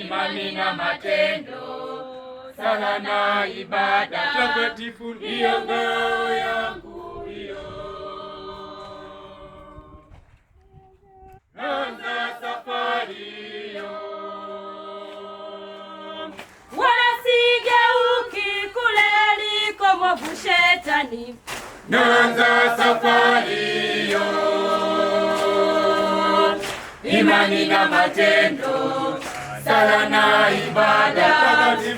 imani na matendo, sala na ibada takatifu ndiyo ngao yangu hiyo. Anza safari hiyo, wala sigeuki kule aliko mwovu Shetani. Anza safari hiyo, imani na matendo Salah na ibadah